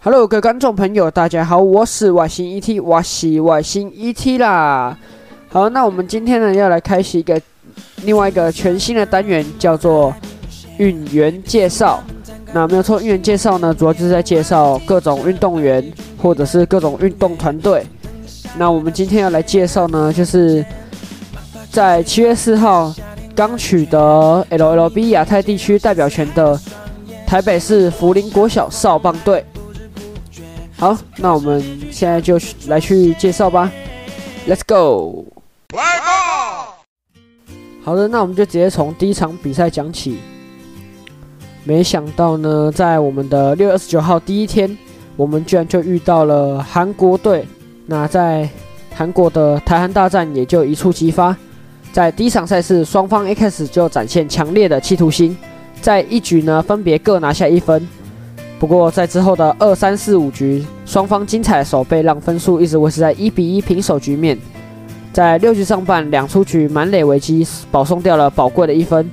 Hello，各位觀眾朋友，大家好，我是外星 ET，我是外星 ET 啦。好，那我們今天呢，要來開啟一個另外一個全新的單元，叫做運員介紹。那沒有錯，運員介紹呢，主要就是在介紹各種運動員或者是各種運動團隊。那我們今天要來介紹呢，就是在七月四號剛取得 LLB 亞太地區代表權的台北市福林國小少棒隊。好，那我們現在就來去介紹吧，Let's go。Let's go。好的，那我們就直接從第一場比賽講起。沒想到呢，在我們的六月二十九號第一天，我們居然就遇到了韓國隊，那在韓國的台韓大戰也就一觸即發。在第一場賽事，雙方一開始就展現強烈的企圖心，在一局呢，分別各拿下一分。不過，在之後的二三四五局，雙方精彩的守備讓分數一直維持在一比一平手局面。在六局上半，兩出局，滿壘危機，保送掉了寶貴的一分，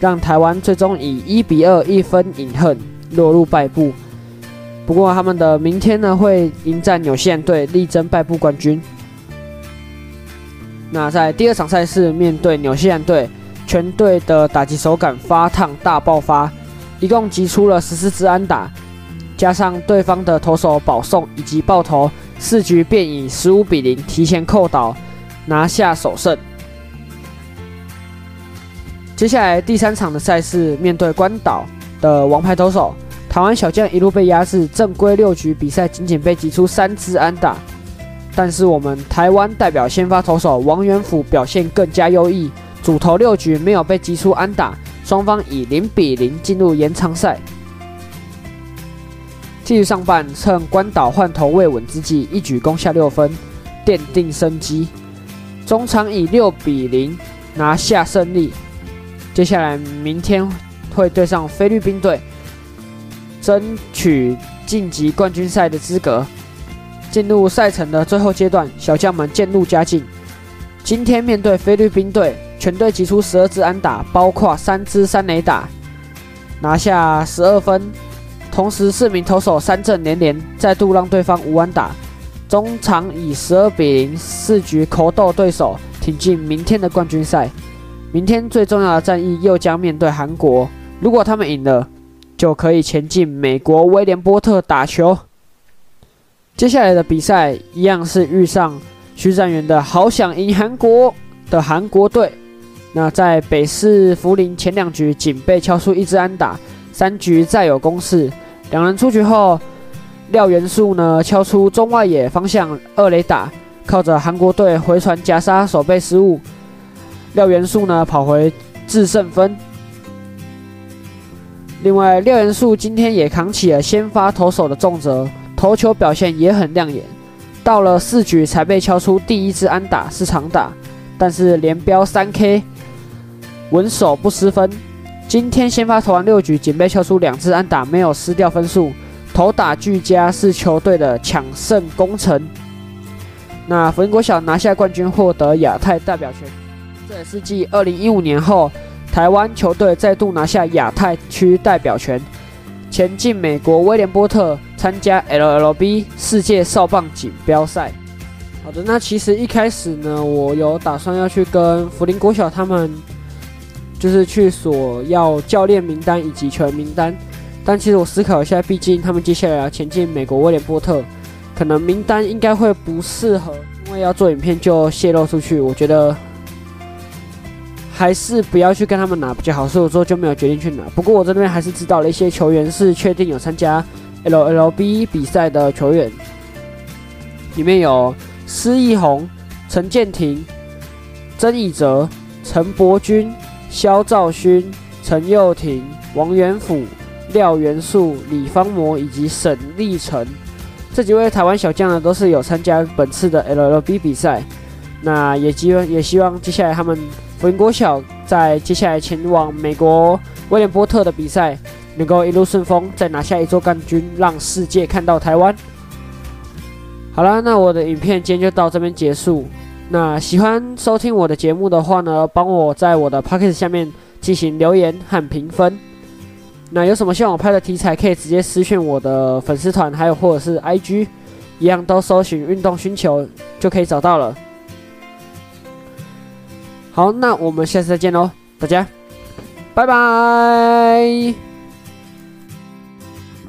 讓台灣最終以一比二一分飲恨，落入敗部。不過，他們的明天呢，會迎戰紐西蘭隊，力爭敗部冠軍。那在第二場賽事，面對紐西蘭隊，全隊的打擊手感發燙，大爆發，一共擊出了十四支安打。加上對方的投手保送以及暴投，四局便以十五比零提前扣倒，拿下首勝。接下來第三場的賽事，面對關島的王牌投手，台灣小將一路被壓制，正規六局比賽僅僅被擊出三支安打。但是我們台灣代表先發投手王元輔表現更加優異，主投六局沒有被擊出安打，雙方以零比零進入延長賽。繼續上半，趁關島換投未穩之際，一舉攻下六分，奠定生機。終場以六比零拿下勝利。接下來明天會對上菲律賓隊，爭取晉級冠軍賽的資格。進入賽程的最後階段，小將們漸入佳境。今天面對菲律賓隊，全隊擊出十二支安打，包括三支三壘打，拿下十二分。同時，四名投手三振連連，再度讓對方無安打，中場以十二比零四局 KO 對手，挺進明天的冠軍賽。明天最重要的戰役又將面對韓國，如果他們贏了，就可以前進美國威廉波特打球。接下來的比賽一樣是遇上徐占元的好想贏韓國的韓國隊。那在北市福林前兩局僅被敲出一支安打，三局再有攻勢。兩人出局後，廖元素呢敲出中外野方向二壘打，靠着韓國隊回傳夾殺守備失誤，廖元素呢跑回制勝分。另外，廖元素今天也扛起了先發投手的重責，投球表現也很亮眼，到了四局才被敲出第一支安打，是長打，但是連飆三 K，穩守不失分。今天先發投完六局，僅被敲出兩次安打，沒有失掉分數，投打俱佳，是球隊的搶勝功臣。那福林國小拿下冠軍，獲得亞太代表權，這也是繼二零一五年後，台灣球隊再度拿下亞太區代表權，前進美國威廉波特參加 LLB 世界少棒錦標賽。好的，那其實一開始呢，我有打算要去跟福林國小他們。就是去索要教練名單以及球員名單，但其實我思考一下，畢竟他們接下來要前進美國威廉波特，可能名單應該會不適合，因為要做影片就洩露出去。我覺得還是不要去跟他們拿比較好，所以我說就沒有決定去拿。不過我這邊還是知道了一些球員是確定有參加 LLB 比賽的球員，裡面有施一紅、陳建廷、曾以哲、陳伯君。肖兆勳、陳佑廷、王元甫、廖元素、李方模以及沈立成這幾位台灣小將呢，都是有參加本次的 LLB 比賽。那也基也希望接下來他們福林國小在接下來前往美國威廉波特的比賽能夠一路順風，再拿下一座冠軍，讓世界看到台灣。好啦，那我的影片今天就到這邊結束。那喜歡收聽我的節目的話呢，幫我在我的 podcast 下面進行留言和評分。那有什麼需要我拍的題材，可以直接私信我的粉絲團，還有或者是 IG，一樣都搜尋“運動星球”就可以找到了。好，那我們下次再見嘍，大家，拜拜。